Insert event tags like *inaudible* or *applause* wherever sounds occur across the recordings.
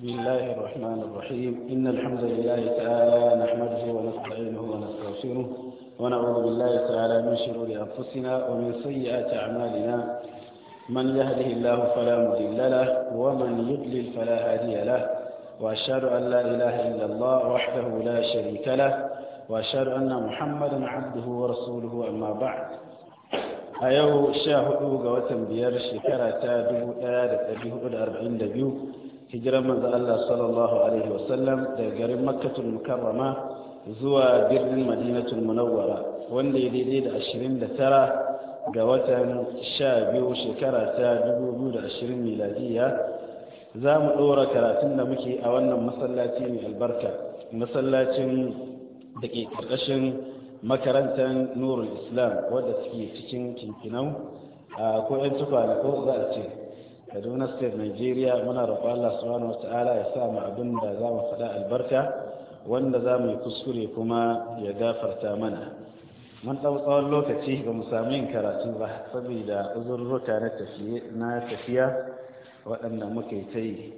بسم الله الرحمن الرحيم إن الحمد لله تعالى نحمده ونستعينه ونستغفره ونعوذ بالله تعالى من شرور أنفسنا ومن سيئات أعمالنا من يهده الله فلا مضل له ومن يضلل فلا هادي له وأشهد أن لا إله إلا الله وحده لا شريك له وأشهد أن محمدا عبده ورسوله أما بعد أيوه شاهدوا sha hudu ga watan biyar shekara ta hijirar manzo Allah sallallahu alaihi wasallam daga garin makkatul mukarrama zuwa birnin madinatul munawwara wanda ya daidai da 29 ga watan 12 shekara ta 2020 miladiya za mu ɗora karatun da muke a wannan masallaci mai albarka masallacin da ke ƙarƙashin makarantar nurul islam wadda suke cikin kinkinau a ko 'yan tukwane ko za a ce kaduna state nigeria muna roƙo allah subhanahu wa ta'ala ya sa mu abin da za mu faɗa albarka wanda za mu yi kuskure kuma ya gafarta mana mun ɗau tsawon lokaci ba mu samu yin karatu ba saboda uzurruka na tafiya waɗanda muka yi ta yi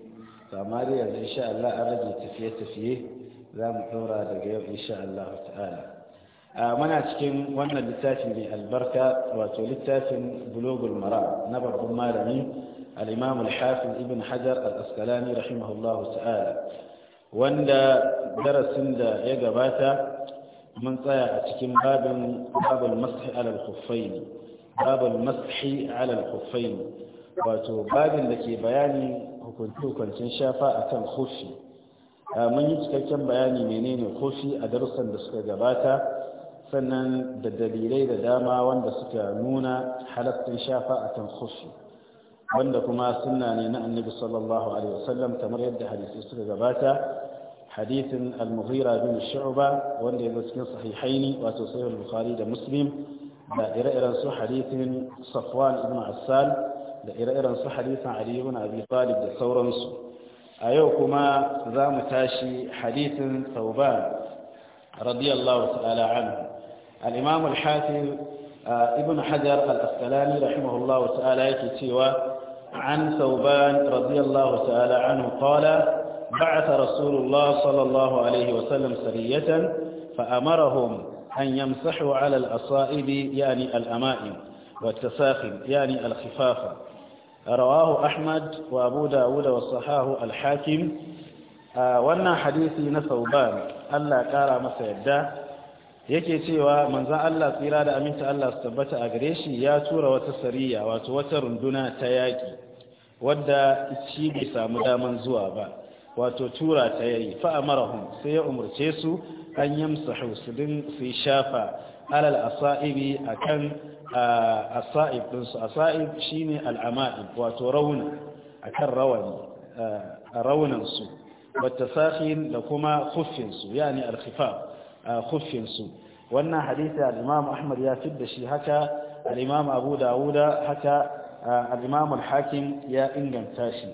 amma dai yanzu insha Allah an rage tafiye-tafiye za mu ɗora daga yau insha Allah ta'ala muna cikin wannan littafin mai albarka wato littafin bulogul mara na babban malami al’imam al’afin ibn hajar al-kaskalani al’askalani rahimahullahu ta’ala wanda darasin da ya gabata mun tsaya a cikin babin babin mashi al’alkufai wato babin da ke bayani hukunci-hukuncin shafa a kan hushi mun yi cikakken bayani menene hushi a darussan da suka gabata sannan da dalilai da dama wanda suka nuna halattun shafa a kan hushi wanda kuma sunna ne na annabi sallallahu alaihi wasallam kamar yadda hadisi suka gabata hadisin al-mughira bin shu'ba wanda yake cikin sahihaini wato sahih al-bukhari da muslim da ire-iren su hadisin safwan ibn assal da ire-iren su hadisin ali ibn abi talib da sauransu a yau kuma za mu tashi hadisin tauban radiyallahu ta'ala anhu al-imam al ibn hajar al-asqalani rahimahullahu ta'ala yake cewa an sauban radiyallahu ta'ala anhu qala بعث رسول الله صلى الله عليه وسلم سرية فأمرهم أن يمسحوا على الأصائب يعني الأمائم والتساخن يعني الخفافة رواه أحمد وأبو داود وصحاه الحاكم آه وانا حديثي نثوبان ألا كارا مسيدا yake cewa manzan Allah tsira da aminta Allah su tabbata a gare shi ya tura wata sariya wato wata runduna ta yaƙi wadda shi bai samu daman zuwa ba wato tura ta yayi fa'amarahum sai ya umarce su an yamsa hausudin su shafa alal asa'ibi a kan asa'ib ɗinsu asa'ib shi ne al'ama'ib wato rauna a kan raunansu wata sahin da kuma kuffinsu yani alkhifaf khuffinsu wannan hadisi al-imam ahmad ya fidda shi haka al-imam abu dawuda haka al-imam al-hakim ya inganta shi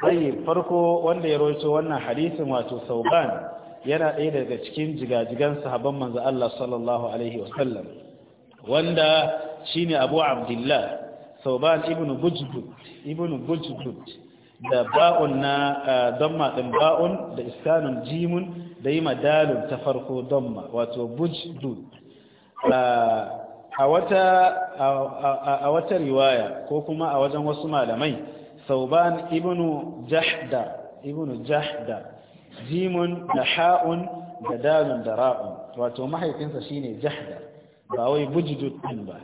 tayyib farko wanda ya roito wannan hadisin wato sauban yana ɗaya daga cikin jigajigan sahabban manzo Allah sallallahu alaihi wasallam wanda shine abu abdullah sauban ibnu bujdud ibnu bujdud da ba'un na damma ɗin ba'un da iskanun jimun da yi madalun ta farko damma wato bujdud a wata riwaya ko kuma a wajen wasu malamai sauban ibnu jahda ibnu jahda jimun da ha'un da dalun da ra'un wato mahaifinsa shine jahda ba wai bujdud ɗin ba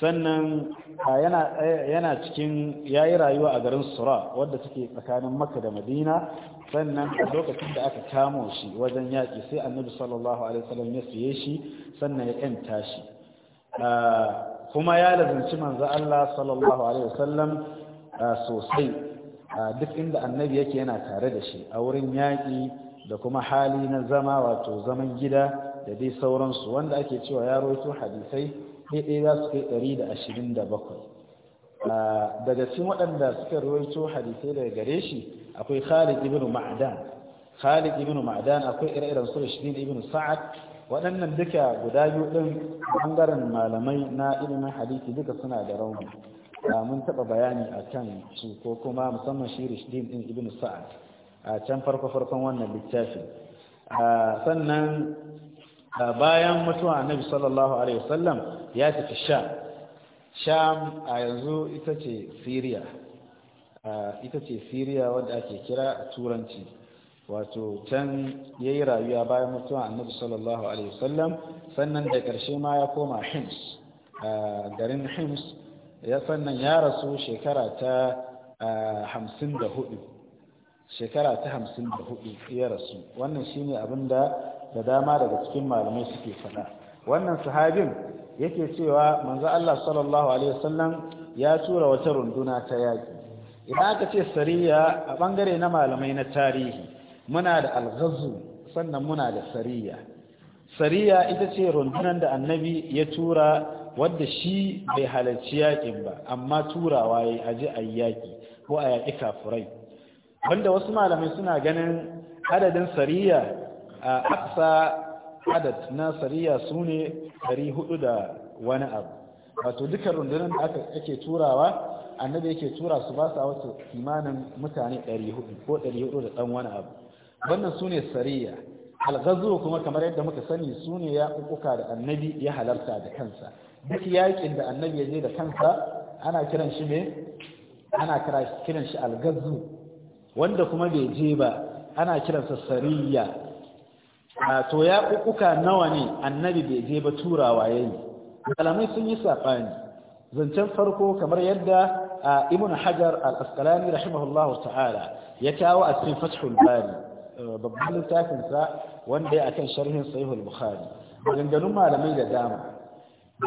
sannan yana cikin yayi rayuwa a garin sura wadda suke tsakanin makka da madina sannan lokacin da aka kamo shi wajen yaki sai annabi sallallahu alaihi wasallam ya siye shi sannan ya yanta shi kuma ya lazanci manzo Allah sallallahu alaihi wasallam sosai duk inda annabi yake yana tare da shi a wurin yaƙi da kuma hali na zama wato zaman gida da dai sauransu wanda ake cewa ya roto hadisai ɗaya za su kai ɗari da ashirin da bakwai daga cikin waɗanda suka ruwaito hadisai daga gare shi akwai khalid ibn ma'adan khalid ibn ma'adan akwai ire-iren su rashidin ibn sa'ad waɗannan duka guda biyu ɗin ɓangaren malamai na ilimin hadisi duka suna da rauni mun taɓa bayani a kan su ko kuma musamman shi rashidin ɗin ibn sa'ad a can farko farkon wannan littafin sannan bayan mutuwa annabi sallallahu alaihi wasallam ya tafi sha sham a yanzu ita ce syria ita ce syria wadda ake kira a turanci wato can ya yi rayuwa bayan mutuwa annabi sallallahu alaihi wasallam sannan da karshe ma ya koma hims garin hims ya sannan ya rasu shekara ta hamsin da hudu shekara ta hamsin da hudu ya rasu wannan shine abin da da dama daga cikin malamai suke faɗa wannan sahabin yake cewa manzo Allah sallallahu alaihi wasallam ya tura wata runduna ta yaki idan aka ce sariya a bangare na malamai na tarihi muna da alghazu sannan muna da sariya sariya ita ce rundunar da annabi ya tura wadda shi bai halarci yakin ba amma turawa ya aji a yaki ko a yaƙi kafurai wanda wasu malamai suna ganin adadin sariya a aksa adad na sariya su ne 400 da wani abu wato dukkan rundunar da aka ake turawa annabi yake tura su ba su a wasu kimanin mutane 400 ko 400 da ɗan wani abu wannan su ne sariya algazo kuma kamar yadda muka sani su ne ya kukuka da annabi ya halarta da kansa duk yakin da annabi ya je da kansa ana kiran shi ne ana kiran shi algazu wanda kuma bai je ba ana kiransa sariya to ya kukuka nawa ne annabi bai je ba turawa yayi malamai sun yi sabani zancen farko kamar yadda ibn hajar al-asqalani rahimahullahu ta'ala ya kawo a cikin fathul bari e, babban littafin sa wanda ya akan sharhin sahih al-bukhari maganganun malamai da dama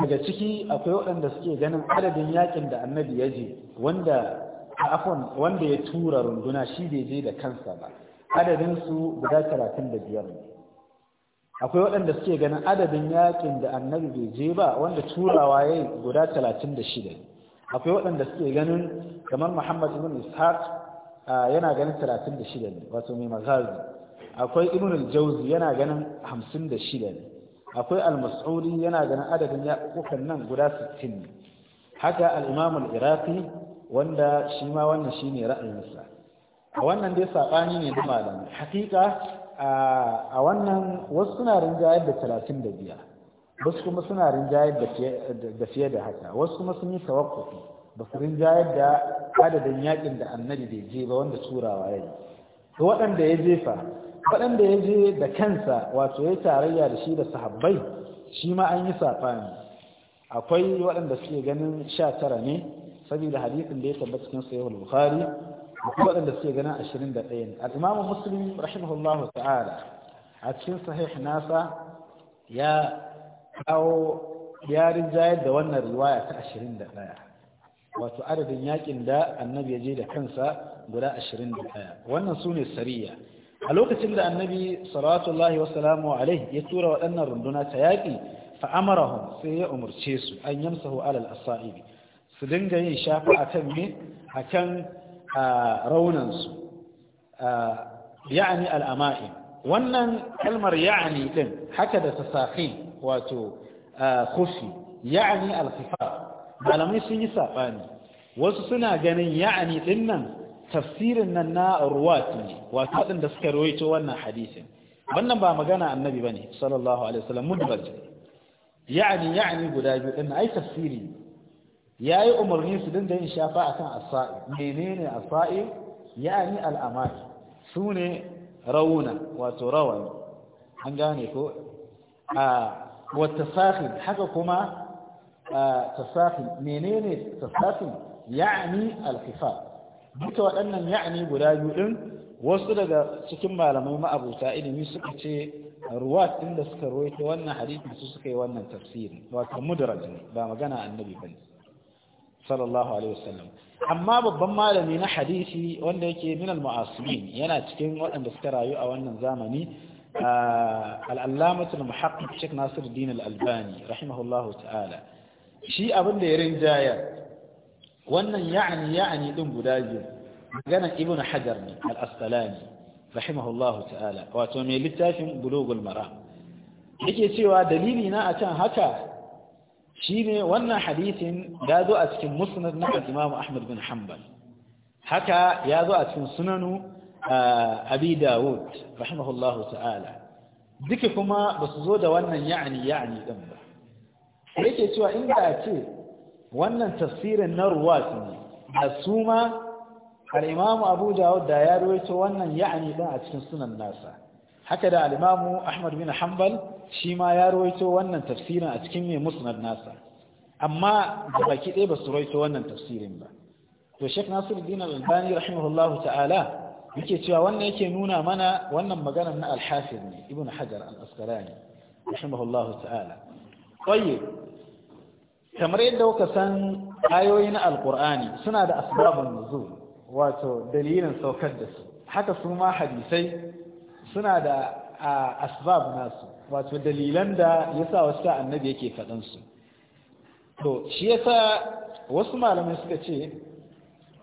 daga ciki akwai waɗanda suke ganin adadin yakin da annabi ya je wanda afon wanda ya tura runduna shi bai je da kansa ba adadin su guda 35 ne akwai waɗanda suke ganin adadin yakin da annabi bai je ba wanda turawa ya yi guda 36 akwai waɗanda suke ganin kamar muhammad ibn ishaq yana ganin 36 ne wato mai mazazi akwai ibn al-jawzi yana ganin 56 ne akwai al yana ganin adadin yakukan nan guda sittin ne haka al-imam al-iraqi wanda shi ma wannan shine ra'ayinsa wannan dai sabani ne da malamai hakika a wannan wasu suna rinjayar da talatin da biya. wasu kuma suna rinjayar da fiye da haka wasu kuma sun yi tawakkufi ba su rinjayar da adadin yakin da annabi bai je ba wanda turawa ya yi to waɗanda ya jefa waɗanda ya je da kansa wato ya tarayya da shi da sahabbai shi ma an yi safani akwai waɗanda suke ganin sha tara ne saboda hadisin da ya tabbata cikin sahihul bukhari waɗanda suke ganin ashirin da ɗaya ne al'imamu muslim rahimahullahu ta'ala a cikin sahih nasa ya kawo yarin jayar da wannan riwaya ta ashirin da ɗaya wato adadin yakin da annabi ya je da kansa guda ashirin da ɗaya wannan su ne sariya a lokacin da annabi salawatullahi wasalamu alaihi ya tura waɗannan runduna ta yaƙi fa'amarahun sai ya umarce su an yamsahu alal asa'ibi su dinga yin shafa a kan me a kan raunansu ya'ani al'ama'in wannan kalmar ya'ani din haka da tasakhin wato kufi ya'ani al malamai sun yi saɓani wasu suna ganin ya'ani din nan tafsirin nan na ruwat ne wato da suka rawaito wannan hadisin wannan ba magana annabi ne sallallahu alaihi wasallam mudbaj ya'ani ya'ani guda biyu din ai tafsiri ya yi umarni su dinga yin shafa akan asa'i ne asa'i yani al'amari su ne rauna wato rawani an gane ko a wata safin haka kuma tasafin ne tasafin yani alkifa duka waɗannan ya'ani guda biyu ɗin wasu daga cikin malamai ma'abuta ilimi suka ce ruwat inda suka roita wannan hadisin su suka yi wannan tafsirin wata mudaraj ne ba magana annabi bane sallallahu alaihi wasallam amma babban malami na hadisi wanda yake min al-mu'asirin yana cikin waɗanda suka rayu a wannan zamani al-allamatu al-muhaqqiq Sheikh Nasiruddin al-Albani rahimahullahu ta'ala shi abin da ya rinjaya wannan ya'ani ya'ani din guda biyu magana ibnu hajar ne al-asqalani rahimahullahu ta'ala wato mai littafin bulugul maram yake cewa dalili na can haka shine wannan hadithin ya zo a cikin musnad na Imam Ahmad bin Hanbal haka ya zo a cikin sunanu Abi Dawud rahimahullahu ta'ala duka kuma ba su zo da wannan ya'ani ya'ani din ba yake cewa inda a ce wannan tafsirin na ruwat ne da su ma al Abu Dawud da ya ruwaito wannan ya'ani din a cikin sunan nasa haka da alimamu ahmad bin hanbal shi ma ya rawaito wannan tafsirin a cikin mai musnad nasa amma da baki ɗaya ba su rawaito wannan tafsirin ba to shek nasiruddin al-albani rahimahullahu ta'ala yake cewa wannan yake nuna mana wannan maganar na al-hafiz ne ibn hajar al-asqalani rahimahullahu ta'ala tayyib kamar yadda kuka san ayoyi na alqur'ani suna da asbabun nuzul wato dalilin saukar da su haka su ma hadisai suna da asbab nasu wato dalilan da yasa wasu annabi yake kaɗansu. su to shi yasa wasu malamai suka ce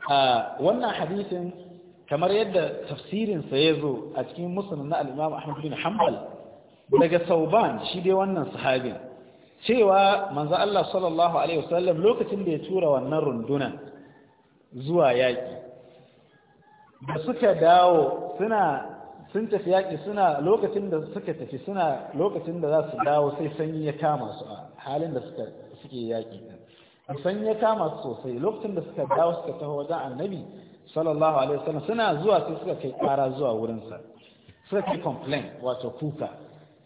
a wannan hadisin kamar yadda tafsirinsa ya zo a cikin musnad na al-Imam Ahmad bin Hanbal daga Sauban shi dai wannan sahabin cewa manzo Allah sallallahu alaihi wasallam lokacin da ya tura wannan rundunan zuwa yaki da suka dawo suna sun tafi yaƙi suna lokacin da suka tafi suna lokacin da za su dawo sai sanyi ya kama su a halin da suke yaƙi sanyi ya kama su sosai lokacin da suka dawo suka taho wajen annabi sallallahu alaihi wasallam suna zuwa sai suka kai ƙara zuwa wurinsa suka kai complain wato kuka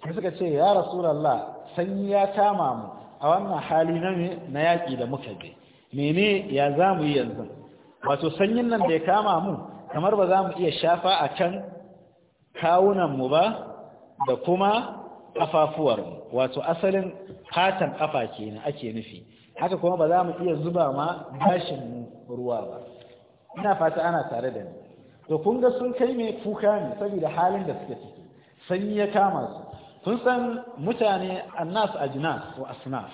sai suka ce ya rasulallah sanyi ya kama mu a wannan hali na na yaƙi da muka je mene ya zamu yi yanzu wato sanyin nan da ya kama mu kamar ba za mu iya shafa a kan kawunanmu ba da kuma ƙafafuwarmu wato asalin fatan ƙafa kenan ake nufi haka kuma ba za mu iya zuba ma gashin ruwa ba ina fata ana tare da ni to kun ga sun kai mai kuka ne saboda halin da suke ciki sanyi ya kama su kun san mutane annas ajnas wa asnas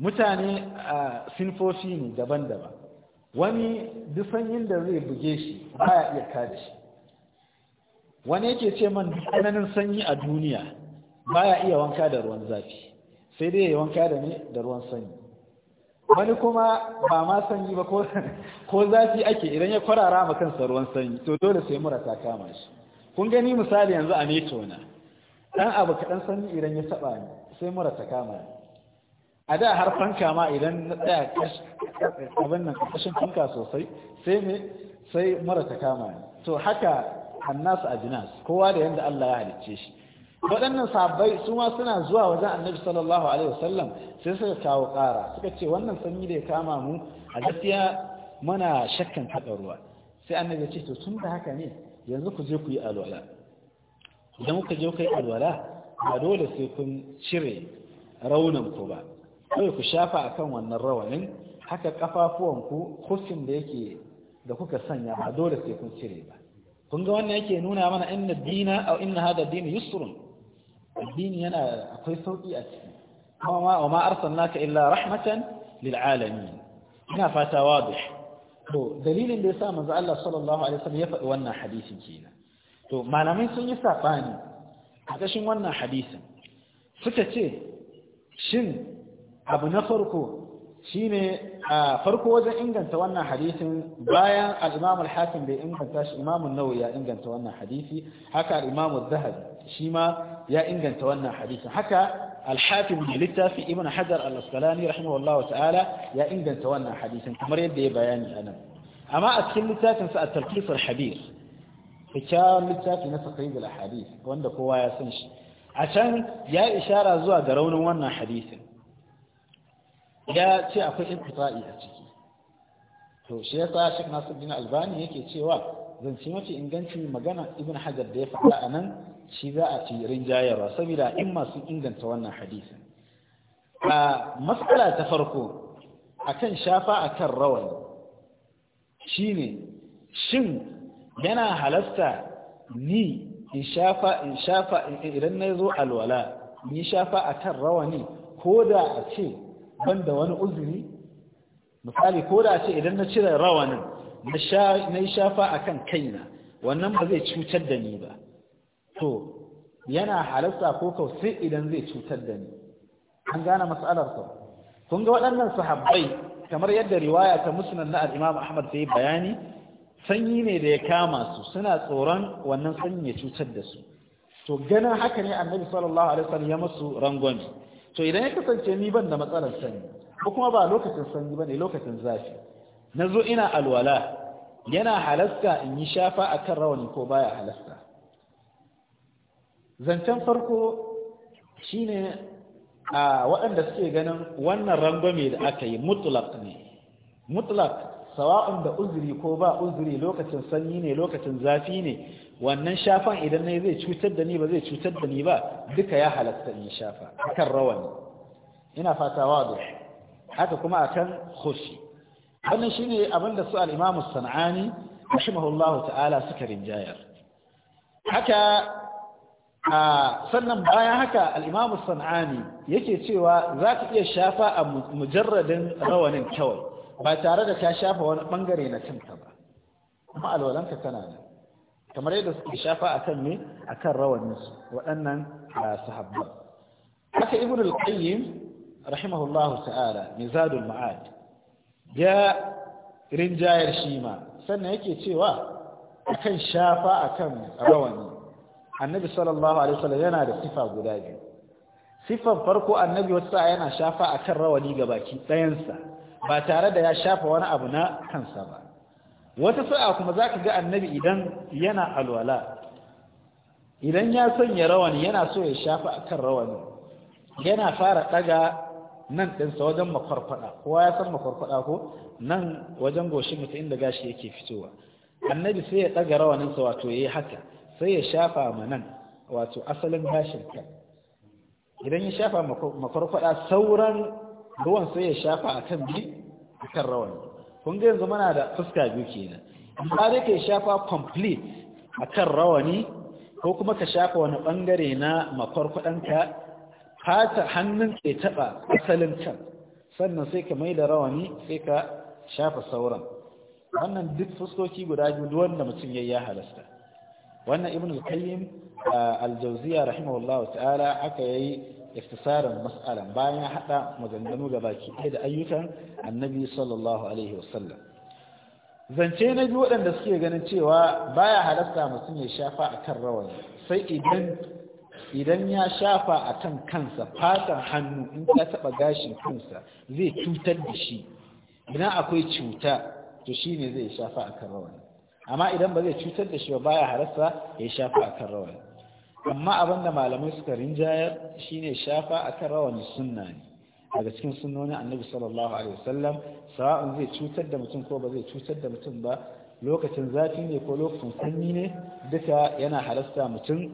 mutane a sinfofi ne daban-daban wani duk sanyin da zai buge shi baya iya kada shi wani yake ce man tsananin sanyi a duniya baya iya wanka da ruwan zafi sai dai ya wanka da ne da ruwan sanyi wani kuma ba ma sanyi ba ko zafi ake idan ya kwarara ma kansa ruwan sanyi to dole sai mura ta kama shi kun gani misali yanzu a neto na dan abu kaɗan sanyi idan ya saba ni sai mura ta kama ni a da har fanka ma idan na tsaya abin nan kashin fanka sosai sai sai mura ta kama ni to haka a ajinas kowa da yanda Allah ya halicce shi waɗannan sabbai su ma suna zuwa wajen annabi sallallahu alaihi wasallam sai suka kawo ƙara suka ce wannan sanyi da ya kama mu a gaskiya muna shakkan taɓa ruwa sai annabi ya ce to tun da haka ne yanzu ku je ku yi alwala idan kuka je ku yi alwala ba dole sai kun cire raunan ku ba kawai ku shafa akan wannan rawanin haka kafafuwanku kufin da yake da kuka sanya ba dole sai kun cire ba kun ga wannan yake nuna mana inna dina aw inna hada dini yusrun addini yana akwai sauki a ciki kuma wa ma arsalnaka illa rahmatan lil alamin ina fata wadih to dalilin da yasa manzo Allah sallallahu alaihi wasallam ya faɗi wannan hadisin kenan to malamai sun yi sabani a kashin wannan hadisin suka ce shin abu na farko shine a farko wajen inganta wannan hadisin bayan al-Imam al-Hakim bai inganta shi Imam an ya inganta wannan hadisi haka al-Imam shi ma ya inganta wannan hadisin haka al-Hakim littafi Ibn Hajar al-Asqalani rahimahullah ta'ala ya inganta wannan hadisin kamar yadda ya bayani nan amma a cikin littafin sa at-Talqis al-Habir kikkiawan littafi na sahih al-hadith wanda kowa ya san shi a can ya ishara zuwa ga raunin wannan hadisin ya ce akwai intifa'i a ciki to shi ya sa Sheikh Nasiruddin Albani yake cewa zance mafi inganci magana Ibn Hajar da ya faɗa a nan shi za a ci rinjayarwa saboda in masu inganta wannan hadisin a matsala ta farko akan shafa a akan rawani shine shin yana halasta ni in shafa in shafa idan na zo alwala ni shafa a akan rawani ko da a ce ban da wani uzuri misali ko da ce idan na cire rawanin na yi shafa a kan kaina wannan ba zai cutar da ni ba to yana halarta ko kau idan zai cutar da ni an gane matsalar ku kun ga waɗannan sahabbai kamar yadda riwaya ta musnad na al-imam ahmad ta yi bayani sanyi ne da ya kama su suna tsoron wannan sanyi ya cutar da su to ganin haka ne annabi sallallahu alaihi wasallam ya masu rangwame to idan ya kasance ni ban da matsalar sanyi ko kuma ba lokacin sanyi ba ne lokacin zafi Na zo ina alwala yana halasta in yi shafa a kan rawani ko baya halasta zancen farko shine a waɗanda suke ganin wannan rangwame da aka yi mutlak ne mutlak sawa'un da uzuri ko ba uzuri lokacin sanyi ne lokacin zafi ne wannan shafan idan ne zai cutar da ni ba zai cutar da ni ba duka ya halatta in shafa akan rawani ina fata wado haka kuma akan khushi wannan shine abin da su al-Imam Sanani rahimahullahu ta'ala suka rinjayar haka a sannan bayan haka al-Imam Sanani yake cewa za zaka iya shafa a mujarradin rawanin kawai ba tare da ta shafa wani bangare na cinka ba kuma alwalanka tana nan kamar yadda suke shafa akan ne akan rawanin su waɗannan ah, sahabban haka ibn al-qayyim rahimahullahu ta'ala mizadul ma'ad ya rinjayar shi ma sannan yake cewa akan shafa akan rawani annabi sallallahu alaihi wasallam yana da sifa guda biyu sifar farko annabi wasa yana shafa akan rawani ga baki ɗayansa ba tare da ya shafa wani abu na kansa ba wata sa'a kuma za ka ga annabi idan yana alwala idan ya sanya rawani yana so ya shafa a kan rawani yana fara ɗaga nan ɗinsa wajen makwarfada kowa ya san makwarfada ko nan wajen goshi mutum inda gashi yake fitowa annabi sai ya ɗaga rawaninsa wato ya yi haka sai ya shafa ma nan wato asalin gashin kan idan ya shafa makwarfada sauran ruwan sai ya shafa a kan bi a kan rawani kun ga yanzu muna da fuska biyu kenan amma dai ka shafa complete a kan rawani ko kuma ka shafa wani bangare na makwarkwadanka Fata hannun ke taɓa asalin can sannan sai ka mai da rawani sai ka shafa sauran wannan duk fuskoki guda biyu wanda mutum ya ya halasta wannan ibn al-qayyim al-jawziya rahimahullahu ta'ala aka yi. iftisarin mas'alan bayan ya haɗa maganganu ga baki ɗaya da ayyukan annabi sallallahu alaihi wasallam zance na biyu waɗanda suke ganin cewa baya halatta mutum ya shafa a kan rawani sai idan idan ya shafa a kan kansa fatan hannu in ka taɓa gashin kansa zai cutar da shi idan akwai cuta to shi zai shafa a kan rawani amma idan ba zai cutar da shi ba baya halatta ya shafa akan kan rawani amma abin da malamai suka rinjayar shine shafa akan rawani sunna ne daga cikin sunnonin annabi sallallahu alaihi wasallam sawa'un zai cutar da mutum ko ba zai cutar da mutum ba lokacin zafi ne ko lokacin sanyi ne duka yana halasta mutum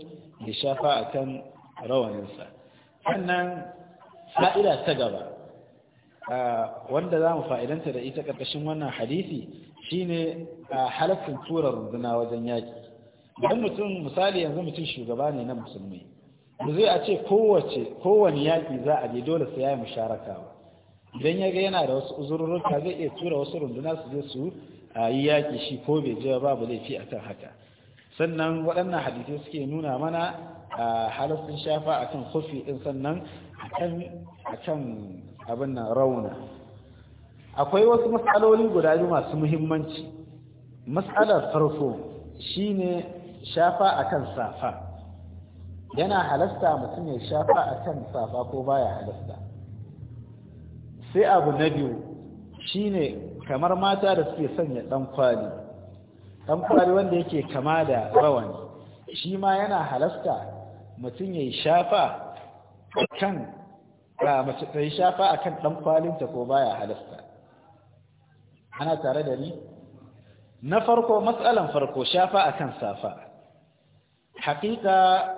ya shafa akan rawaninsa sannan fa'ida ta gaba wanda za mu fa'idanta da ita ƙarƙashin wannan hadisi shine halaccin tura runduna wajen yaƙi idan mutum misali yanzu mutum shugaba ne na musulmi ba zai a ce kowace kowane yaƙi za a je dole sai ya musharaka ba idan ya ga yana da wasu uzurruka zai iya tura wasu runduna su je su yi yaƙi shi ko bai je babu laifi akan haka sannan waɗannan hadisai suke nuna mana a halittun shafa a kan kofi ɗin sannan a kan abin nan rauna akwai wasu matsaloli guda biyu masu muhimmanci matsalar farko shine shafa akan safa yana halasta mutum ya shafa akan safa ko baya halasta sai abu na biyu shine kamar mata da suke sanya ɗan kwali ɗan kwali wanda yake kama da rawani shi ma yana halasta mutum ya shafa kan ba mace ta yi shafa a kan ɗan kwalinta ko baya halasta ana tare da ni na farko matsalan farko shafa a kan safa haƙiƙa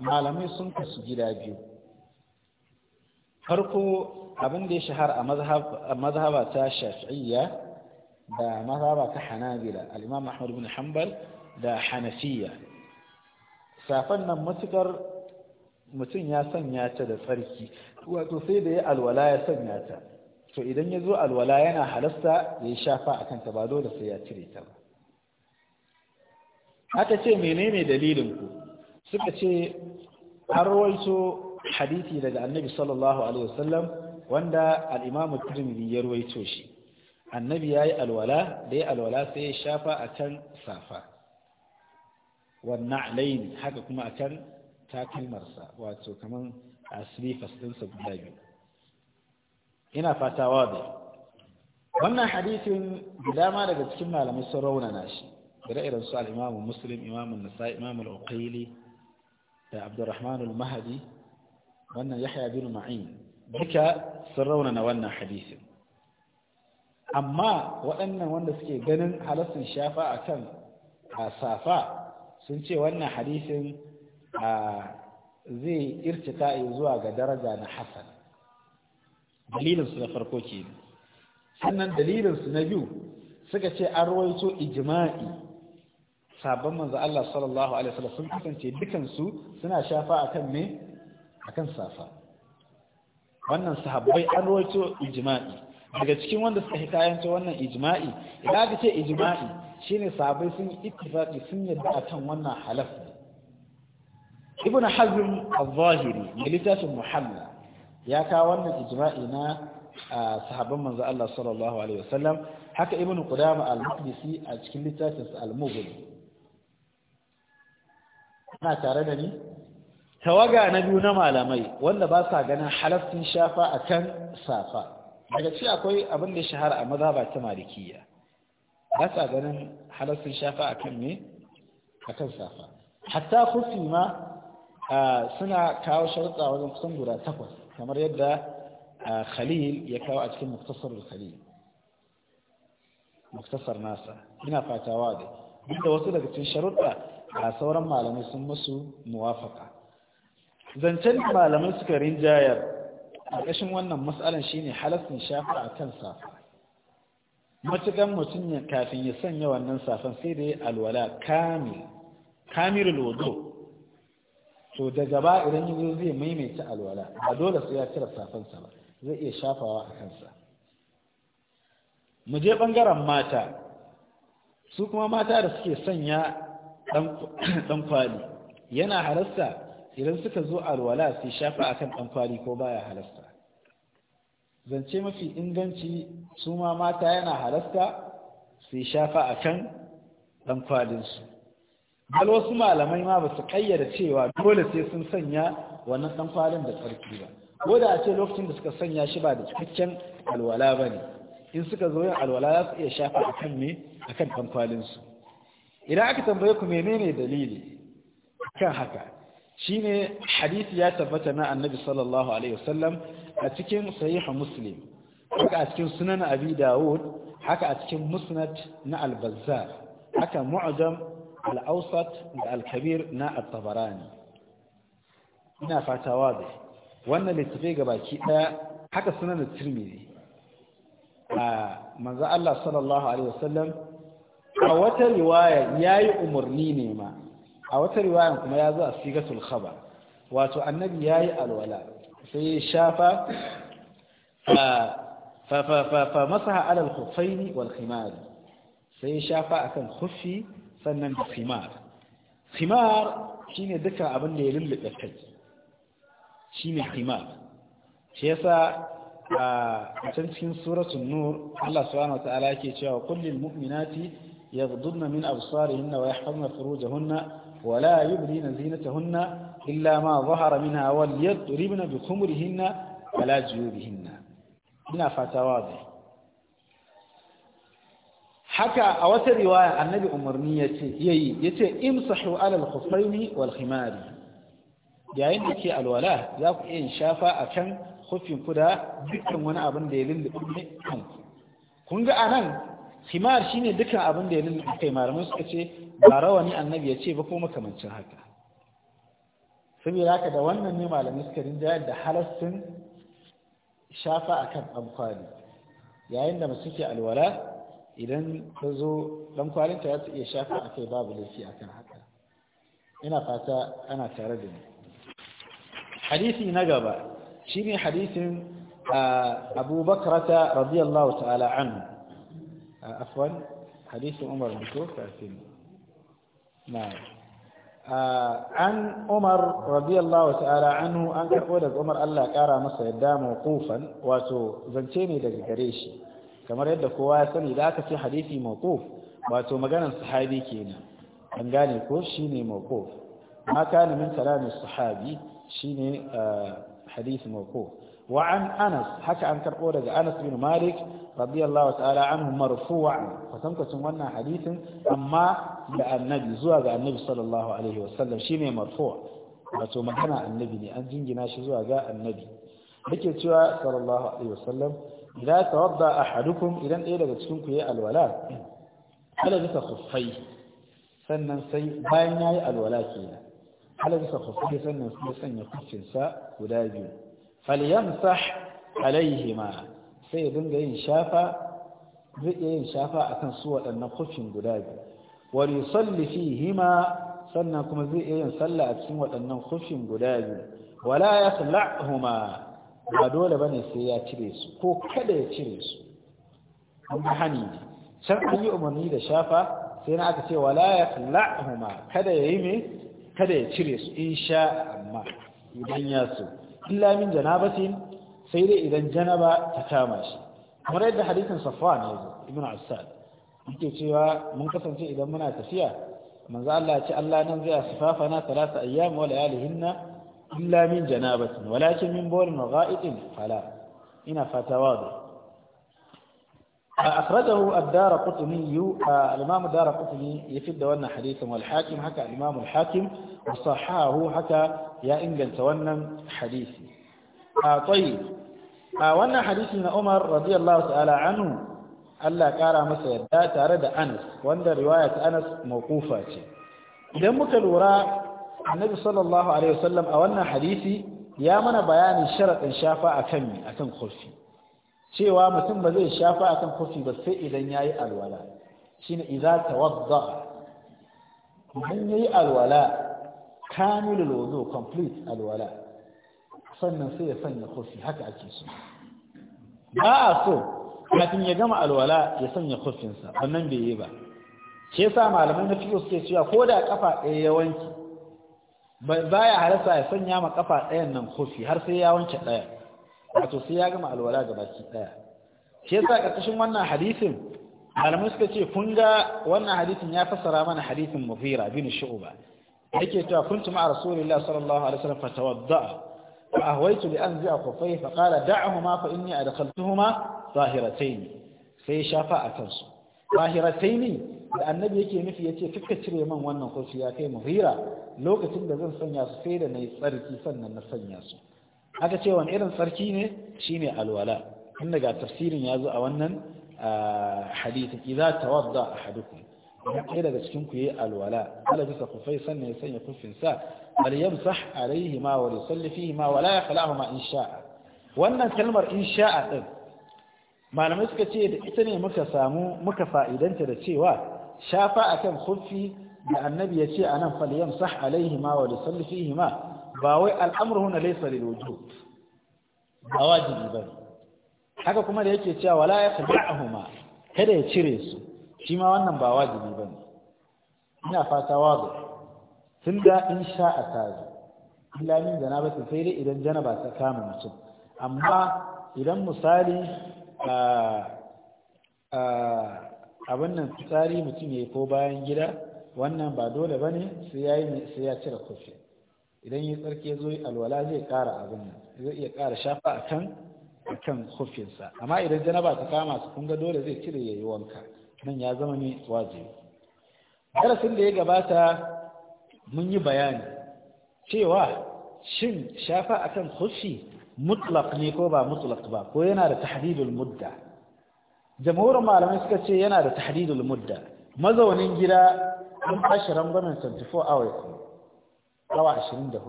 malamai sun kasu gida biyu farko abin da ya shahar a mazhaba ta shafi'iyya da mazhaba ta hanabila al'imam ahmad bin hanbal da hanafiya safan nan matukar mutum ya sanya ta da tsarki wato sai da ya alwala ya sanya ta to idan ya zo alwala yana halasta ya yi shafa a kanta ba dole sai ya cire ta ba aka ce menene dalilin ku suka ce an rawaito hadisi daga annabi sallallahu alaihi wasallam wanda al-imam tirmidhi ya rawaito shi annabi yayi alwala da ya alwala sai ya shafa can safa wa na'lain haka kuma a kan takalmarsa wato kaman asrifas sa guda biyu ina fata wa wannan hadisin da dama daga cikin malamai sun raunana shi ire-iren su al'imamu muslim imamun nasa imamun al'ukaili da abdurrahman al-mahadi wannan yahya bin ma'in duka sun raunana wannan hadisin amma waɗannan wanda suke ganin halassun shafa a kan safa sun ce wannan hadisin zai irtika zuwa ga daraja na Hassan. dalilinsu na farko ke sannan dalilinsu na biyu suka ce an rawaito ijima'i sabon manzo Allah sallallahu alaihi wasallam sun kasance dukansu suna shafa akan me akan safa wannan sahabbai an roito ijma'i daga cikin wanda suka hikayanta wannan ijma'i idan aka ce ijma'i shine sahabbai sun yi ittifaqi sun yadda akan wannan halaf Ibn hazm al zahiri ne littafin muhalla ya kawo wannan ijma'i na sahabban manzo Allah sallallahu alaihi wasallam haka ibnu qudama al-maqdisi a cikin littafinsa al-mughni na tare da ni tawaga na biyu na malamai wanda ba sa ganin halaffin shafa a kan safa daga ci akwai abin da shahara a ba ta malikiya ba sa ganin halaffin shafa a kan me a kan safa hatta kufi ma suna kawo sharuɗa wajen kusan guda takwas kamar yadda khalil ya kawo a cikin muktasar khalil muktasar nasa ina fatawa da duk da wasu daga cikin sharuɗa A sauran malamai sun musu muwafaka zancen malamai suka rinjayar ƙashin wannan matsalan shine halastin shafa a kan safa matukan mutum ya kafin ya sanya wannan safan sai da ya alwala kamil kamil lodo to da gaba idan yanzu zai maimaita alwala ba dole sai ya cire safansa ba zai iya shafawa a kansa mu je ɓangaren mata su kuma mata da suke sanya ɗankwali *clears throat* yana halasta idan suka zo alwala sai shafa akan ɗankwali ko baya halasta zance mafi inganci su ma mata yana halasta sai shafa akan ɗankwalinsu bal wasu malamai ma ba su ƙayyada cewa dole sai sun sanya wannan ɗankwalin da tsarki ba ko da a ce lokacin da suka sanya shi ba da cikakken alwala ba ne in suka zo yin alwala za su iya shafa akan me akan ɗankwalinsu idan aka tambaye ku menene dalili kan haka shine hadisi ya tabbata na annabi sallallahu alaihi wasallam a cikin sahih muslim haka a cikin sunan abi dawud haka a cikin musnad na al-bazzar haka mu'jam al-awsat da al-kabir na at-tabarani ina fata wazi wannan littafi gabaki daya haka sunan at-tirmidhi a ah, manzo Allah sallallahu alaihi wasallam a wata riwaya ya yi umarni ne ma a wata riwaya kuma ya zo a sigatul khaba wato annabi ya yi alwala sai ya shafa fa masaha alal khuffaini wal khimari sai ya shafa akan khuffi sannan da khimar khimar shine duka abin da ya lullube kai shine khimar shi yasa a can cikin suratul nur Allah subhanahu wataala yake cewa kullil mu'minati يغضضن من أبصارهن ويحفظن فروجهن ولا يبدين زينتهن إلا ما ظهر منها وليضربن بخمرهن على جيوبهن هنا فتواضع haka a wata riwaya annabi umarni ya ce yayi ya ce imsahu alal yayin da ke alwala za ku iya shafa a kan kufin ku dukkan wani abin da ya lullube kun ga anan himar shine dukkan abin da ya nuna kai malamai suka ce ba rawani annabi ya ce ba ko makamancin haka saboda haka da wannan ne malamai suka rinjayar da halassun shafa akan amfani yayin da masu ke alwala idan ta zo dan kwalinta ya iya shafa a kai babu laifi akan haka ina fata ana tare da ni hadisi na gaba shine hadisin ah, abu bakrata radiyallahu ta'ala anhu Uh, afwan hadisin umar mutu kafin na an umar radiyallahu ta'ala anhu an karɓo daga umar Allah ƙara masa yadda mawqufan wato zance ne daga gare shi kamar yadda kowa ya sani da aka ce hadisi mawquf wato maganar sahabi kenan an gane ko shine mawquf ma kana min kalamin sahabi shine uh, hadisi mawquf wa an anas haka an karɓo daga anas bin malik radiyallahu an anhu marfu'an kwatankwacin wannan hadisin amma da annabi zuwa ga annabi sallallahu alaihi wasallam shine wato magana annabi ne an jingina shi zuwa ga annabi yake cewa sallallahu alaihi wasallam idan tawadda ahadukum idan ɗaya daga cikin ku yayi alwala ala bisa khuffai sannan sai bayan yayi alwala kenan ala bisa khuffai sannan sai sanya sa guda biyu falyamsah alaihima sai ya dinga yin shafa zai iya yin shafa akan su waɗannan kufin guda biyu wani wa yusalli hima sannan kuma zai iya yin sallah a cikin waɗannan kufin guda biyu wala ya yasla'huma ba dole ne sai ya cire su ko kada ya cire su yi hani ne can an yi umarni da shafa sai na aka ce wala ya yasla'huma kada ya yi me kada ya cire su in sha amma idan ya so illa min janabatin sai dai idan janaba ta kama shi kamar yadda hadisin safwan ya zo ibnu asad yake cewa mun kasance idan muna tafiya manzo Allah ya ce Allah nan zai asifafa na talata ayyam wa layalihinna illa min janabatin walakin min bawlin wa fala ina fata wadu أخرجه الدار قطني الإمام الدار قطني يفد وانا حديثا والحاكم حكى الإمام الحاكم وصحاه حكى يا إنجل تونا حديثي طيب وانا حديثنا عمر رضي الله تعالى عنه Allah ƙara masa yadda tare da Anas wanda riwayata Anas mawqufa ce idan muka lura Annabi sallallahu alaihi wasallam a wannan hadisi ya mana bayanin sharadin shafa a kan khulfi cewa mutum ba zai shafa akan kofi ba sai idan yayi alwala shine idza tawadda idan yayi alwala kamilul wudu complete alwala sannan sai ya sanya kofi haka ake so ba a so kafin ya gama alwala ya sanya kofinsa wannan bai yi ba Ke sa malamai na fiye suke cewa ko da kafa ɗaya ya wanke ba ya halasa ya sanya ma kafa ɗayan nan kofi har sai ya wanke ɗaya wato sai ya gama alwala ga baki daya shi yasa karkashin wannan hadisin malamai suka ce kun ga wannan hadisin ya fassara mana hadisin mufira bin shu'ba yake cewa kuntu ma'a rasulillah sallallahu alaihi wasallam fatawadda fa ahwaitu li anzi'a khuffayhi fa qala da'huma fa inni adkhaltuhuma zahiratayn sai shafa a kansu zahiratayn da annabi yake nufi yace kika cire man wannan kofi ya kai muhira lokacin da zan sanya su sai da nayi tsarki sannan na sanya su aka ce wani irin sarki ne shine alwala inda ga tafsirin ya zo a wannan hadisi iza tawadda ahadukum idan ɗaya daga cikin ku yi alwala ala bisa kufai sannan ya sanya kufinsa bal yamsah alaihi ma wa yusalli fihi ma wala yakhlahu ma in sha'a wannan kalmar in sha'a din malamai suka ce da ita ne muka samu muka fa'idanta da cewa shafa akan kufi da annabi ya ce anan fal yamsah alaihi ma wa yusalli ma ba wai al'amru huna laysa lil ba wajibi ba haka kuma da yake cewa wala huma kada ya cire su shi ma wannan ba wajibi ne, ina fata wazo in sha a tazo illa min ba sai dai idan jana ba ta kama mutum amma idan misali abin nan fitsari mutum ya yi ko bayan gida wannan ba dole ba ne sai ya cire kofi idan yi tsarki ya zo yi alwala zai kara abin zai iya kara shafa a kan a kan hufinsa amma idan janaba ta kama su kunga dole zai cire ya yi wanka nan ya zama ne wajibi darasin da ya gabata mun yi bayani cewa shin shafa akan hufi mutlaq ne ko ba mutlaq ba ko yana da tahdidul mudda jamhurin malamai suka ce yana da tahdidul mudda mazaunin gida an bashi 24 hours awa 24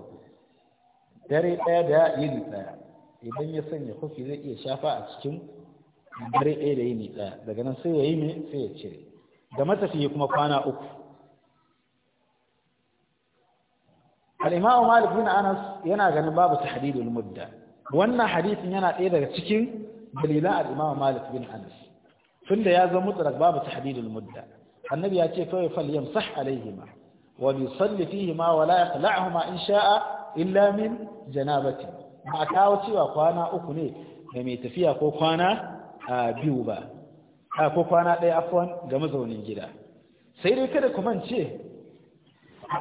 dare ɗaya da yini ɗaya idan ya sanya kofi zai iya shafa a cikin dare ɗaya da yini ɗaya daga nan sai ya yi ne sai ya cire da matafiya kuma kwana uku al'imamu malik bin anas yana ganin babu ta hadidul mudda wannan hadisin yana ɗaya daga cikin dalilan al'imamu malik bin anas tunda ya zama mutsarar babu ta hadidul mudda annabi ya ce kawai fal yamsah alaihima وليصلي فيهما ولا يخلعهما إن شاء إلا من جنابته ما كاو كاوتي قوانا أكني لم يتفيا قوانا بيوبا قوانا لي أفوا قمزون جدا سيري كده كمان شيء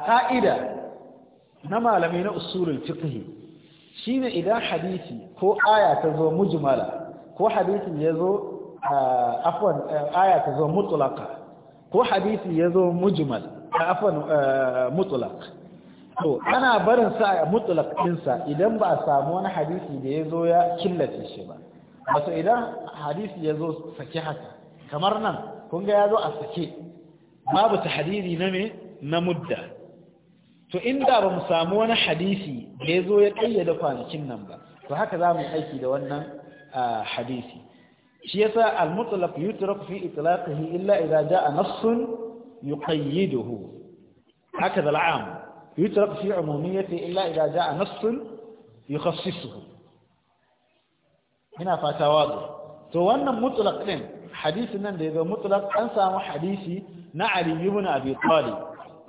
قائدة نما لمن أصول الفقه شين إذا حديثي كو آية تزو مجملة كو حديثي يزو أفوا آية تزو مطلقة كو حديثي يزو مجملة afan eh, mutlaq to ana barin sa mutlaq ɗinsa idan ba a samu wani hadisi da ya zo ya killace shi ba wato idan hadisi ya zo sake haka kamar nan kun ga ya zo a sake babu tahdidi na me na mudda to inda ba mu samu wani hadisi da ya zo ya kayyada kwanakin nan ba to haka za mu yi aiki da wannan eh, hadisi shi yasa al-mutlaq yutraku fi itlaqihi illa idza jaa nassun يقيده هكذا العام يترك في عموميته إلا إذا جاء نص يخصصه هنا فتواضع توانا مطلق لن حديث نن إذا مطلق أنسى حديثي نعلي بن أبي طالب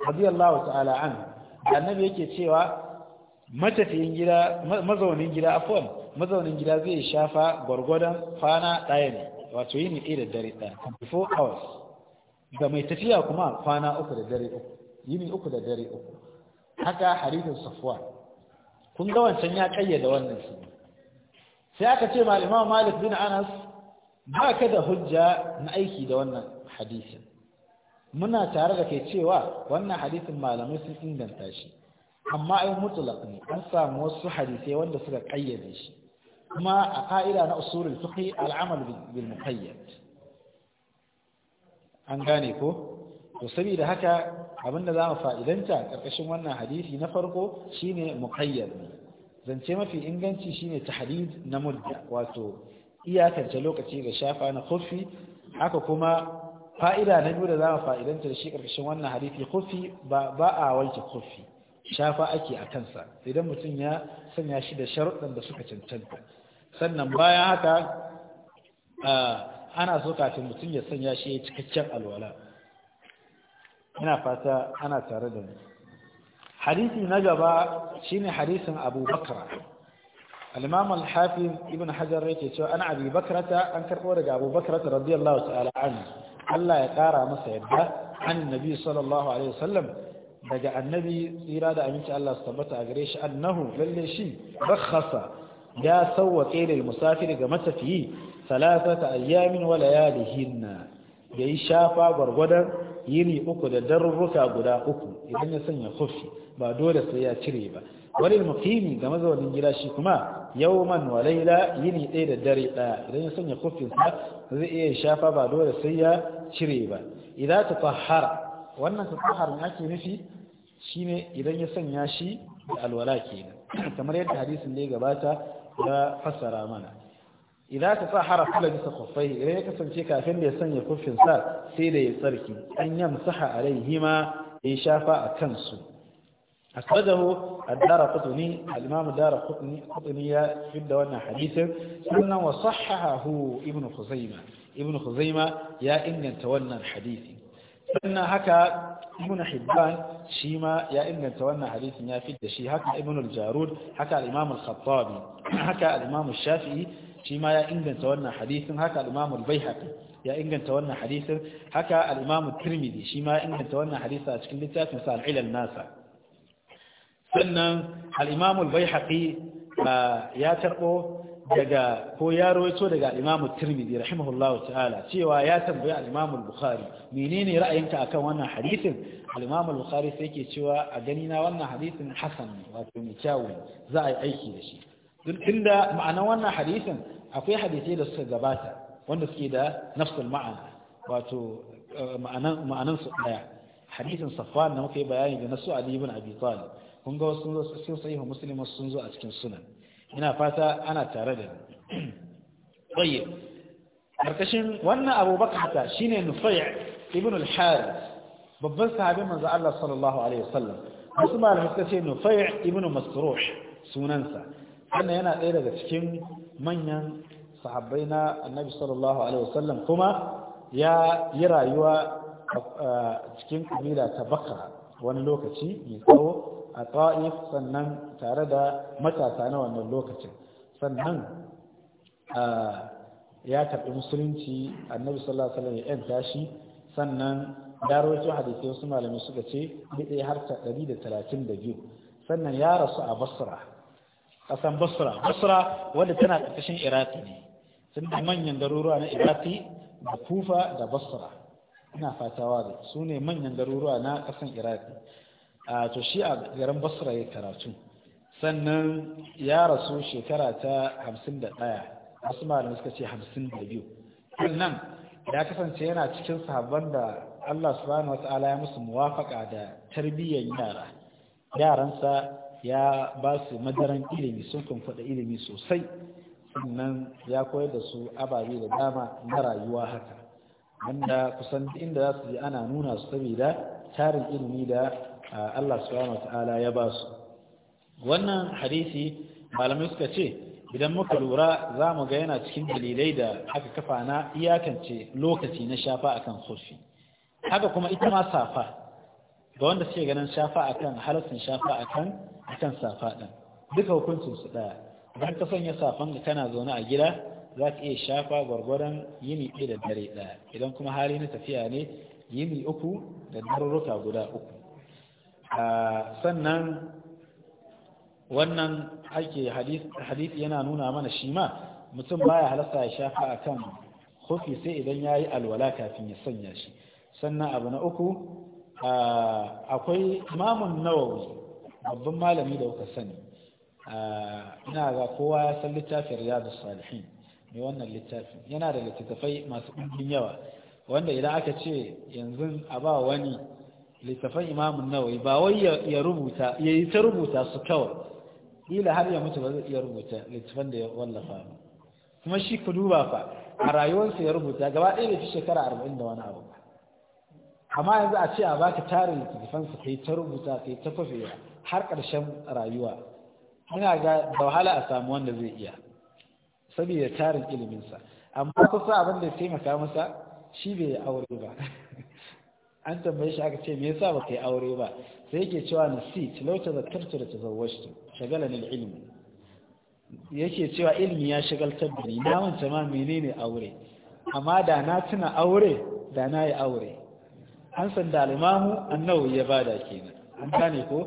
رضي الله تعالى عنه النبي يكي تشيوى matafiyin gida mazaunin gida afon mazaunin gida zai shafa gwargwadon kwana ɗaya ne wato yini ɗaya da dare ɗaya 24 hours ga mai tafiya kuma kwana uku da dare uku yini uku da dare uku haka hadisin Safuwa. kun ga wancan ya kayyada wannan shi sai aka ce malaman malik bin anas ba ka da hujja na aiki da wannan hadisin muna tare da kai cewa wannan hadisin malamai sun inganta shi amma ai mutlaq ne an samu wasu hadisai wanda suka kayyade shi kuma a ka'ida na usulul fiqh al-amal bil muqayyad an gane ko to saboda haka abinda za mu fa'idanta ƙarƙashin wannan hadisi na farko shine muqayyad zance mafi inganci shine tahdid na mudda wato iyakance lokaci ga shafa na khuffi haka kuma fa'ida na biyu da za mu fa'idanta shi ƙarƙashin wannan hadisi khuffi ba ba a wanke khuffi shafa ake a kansa idan mutum ya sanya shi da sharuɗan da suka cancanta sannan bayan haka ah, ana so kafin mutum ya sanya shi ya cikakken alwala ina fata ana tare da ni hadisi na gaba shine hadisin Abu Bakra al-Imam al-Hafiz Ibn Hajar yake cewa ana Abi Bakrata an karbo daga Abu Bakrata radiyallahu ta'ala anhu Allah ya kara masa yadda an Nabi sallallahu alaihi wasallam daga annabi tsira da aminci Allah su tabbata a gare shi annahu lalle shi rakhasa ya sawwake lil musafiri ga matafiyi salasata ayyamin wa layalihinna yayi shafa gwargwadon yini uku da darurruka guda uku idan ya sanya kofi ba dole sai ya cire ba wani muqimi ga mazaunin gida shi kuma yawman wa laila yini ɗaya da dare ɗaya idan ya sanya kufin zai iya shafa ba dole sai ya cire ba idan ta tahara wannan ta tahara ne ake nufi shine idan ya sanya shi da alwala kenan kamar yadda hadisin da ya gabata ya fassara mana idan ka sa hara kala bisa kufai idan ya kasance kafin da ya sanya kufinsa sai da ya tsarki an yamsaha alaihi ma ya shafa a kansu asbajahu ad-dara qutni al-imam ad-dara qutni ya fidda wannan hadisin sannan wa sahahahu ibn khuzaimah ibn khuzaimah ya inganta wannan hadisi sannan haka ibn hibban shi ma ya inganta wannan hadisin ya fidda shi haka ibn al-jarud haka al-imam al-khattabi haka al-imam shafi'i shi ma ya inganta wannan hadisin haka al-Imam al-Baihaqi ya inganta wannan hadisin haka al tirmidhi shi ma ya inganta wannan hadisi a cikin littafin sa al nasa sannan al-Imam al-Baihaqi ah, ya tarbo daga ko ya rawaito daga al-Imam tirmidhi rahimahullahu ta'ala cewa ya tambayi al-Imam al-Bukhari menene ra'ayinka akan wannan hadisin al al-Bukhari sai ke cewa a gani na wannan hadisin hasan wato mai kyawu za a yi aiki da shi tun da ma'anar wannan hadisin akwai hadisai da suka gabata wanda suke da nafsul ma'ana wato eh, ma'anan su daya hadisin safwan na muka yi bayani da nasu ali ibn abi talib kun ga wasu sun zo sun sahihu muslim sun zo a cikin sunan ina fata ana tare da ni *clears throat* tayyib karkashin wannan abubakar ta shine nufai' ibn al-harith babban sahabin manzo Allah sallallahu alaihi wasallam wasu malamai suka ce nufai' ibn masruh sunansa wannan yana ɗaya daga cikin manyan sahabbai na annabi sallallahu alaihi wasallam kuma ya yi rayuwa cikin kabila ta baka wani lokaci mai tsawo a ta'if sannan tare da matasa na wannan lokacin sannan ya karɓi musulunci annabi sallallahu alaihi wasallam ya yanta shi sannan darwato hadisi wasu malamai suka ce ɗaya har 132 sannan ya rasu a basra kasan basra basra wadda tana ƙarƙashin iraki ne sun da manyan garuruwa na iraki da kufa da basra ina fatawa da su ne manyan garuruwa na ƙasan iraki a to shi a garin basra ya karatu sannan ya rasu shekara ta hamsin da ɗaya wasu malamai suka ce hamsin da biyu nan ya kasance yana cikin sahabban da Allah subhanahu wa ta'ala ya musu muwafaka da tarbiyyar yara yaransa ya ba su madaran ilimi sun kumfada ilimi sosai sannan ya koyar da su ababe da dama na rayuwa haka wanda kusan inda za su je ana nuna su saboda tarin ilimi da Allah subhanahu ta'ala ya ba su wannan hadisi malamai suka ce idan muka lura za mu ga yana cikin dalilai da aka kafa na iyakance lokaci na shafa akan surfi haka kuma ita ma safa ga wanda suke ganin shafa akan halaccin shafa akan kan safa ɗin, duka hukuncin su ɗaya idan ka sanya safan ka kana zaune a gida za ka iya shafa gwargwaron yini ɗaya da dare ɗaya idan kuma hali na tafiya ne yini uku da darurruka guda uku sannan wannan ake hadisi yana nuna mana shi ma mutum baya halasta ya shafa akan kofi sai idan ya yi alwala kafin ya sanya shi sannan abu na uku akwai imamun nawawi babban malami da kuka sani ina ga kowa ya san littafin riyadu salihin mai wannan littafin yana da littattafai masu ɗumbin yawa wanda idan aka ce yanzu a ba wani littafan imamun nawawi ba wai ya rubuta ya yi ta rubuta su kawai ila har ya mutu ba zai iya rubuta littafan da ya wallafa kuma shi ku duba fa a rayuwarsa ya rubuta gaba ɗaya da fi shekara arba'in da wani abu amma yanzu a ce a baka tarin littattafansa kai ta rubuta kai ta kwafe har ƙarshen rayuwa ina ga da wahala a samu wanda zai iya saboda tarin iliminsa amma kusa abin da ya taimaka masa shi bai yi aure ba *laughs* an tambaye shi aka ce me yasa baka yi aure ba sai yake cewa si tilauta zakartu da tazawwajtu shagala ne ilimi yake cewa ilimi ya shagaltar da ni na manta ma menene aure amma da na tuna aure da na yi aure san da al-imamu ya bada kenan an gane ko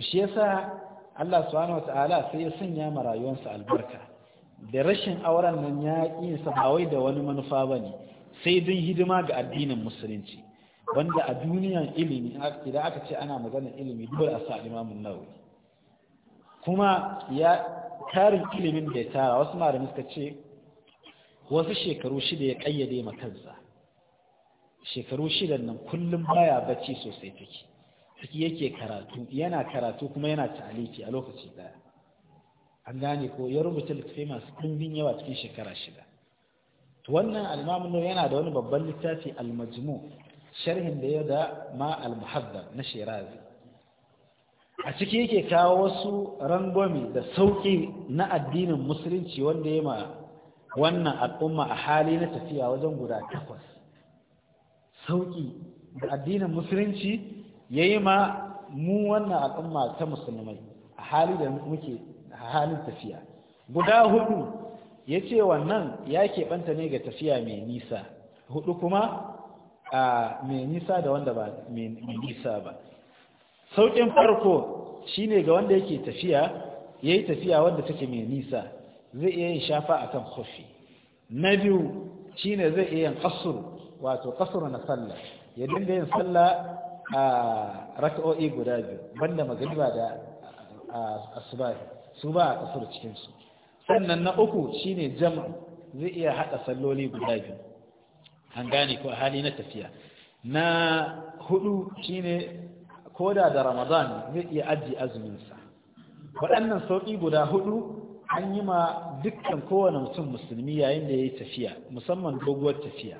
shi yasa Allah subhanahu wata'ala sai ya sanya ma rayuwarsa albarka da rashin auren nan ya ƙi ba da wani manufa bane sai don hidima ga addinin musulunci wanda a duniyan ilimi idan aka ce ana maganar ilimi dole a sa imamun nawawi kuma ya tarin ilimin da ya tara wasu malamai suka ce wasu shekaru shida ya kayyade ma kansa shekaru shidan nan kullum baya bacci sosai take yake karatu yana karatu kuma yana ta'aliki a lokaci daya an gane ko ya rubuta littafi masu ɗimbin yawa cikin shekara shida to wannan almamuno yana da wani babban littafi almajmu sharhin da ya da ma almuhaddar na shirazi a ciki yake kawo wasu rangwami da sauƙi na addinin musulunci wanda ya ma wannan al'umma a hali na tafiya wajen guda takwas sauƙi da addinin musulunci ya yi ma mu wannan al'umma ta musulmai a hali da muke halin tafiya guda hudu ya ce wannan ya keɓanta ne ga tafiya mai nisa hudu kuma a mai nisa da wanda ba mai nisa ba sauƙin farko shi ne ga wanda yake tafiya ya yi tafiya wanda take mai nisa zai iya yin shafa a kan kofi na biyu ne zai iya yin asur. wato kasuru na sallah ya dinga yin sallah a raka'o'i guda biyu banda magariba da asuba su ba a kasuru cikinsu. sannan na uku shine jam'u zai iya haɗa salloli guda biyu an gane ko hali na tafiya na hudu shine koda da ramadan zai iya aji azuminsa. waɗannan sauƙi guda hudu an yi ma dukkan kowane mutum musulmi yayin da ya yi tafiya musamman doguwar tafiya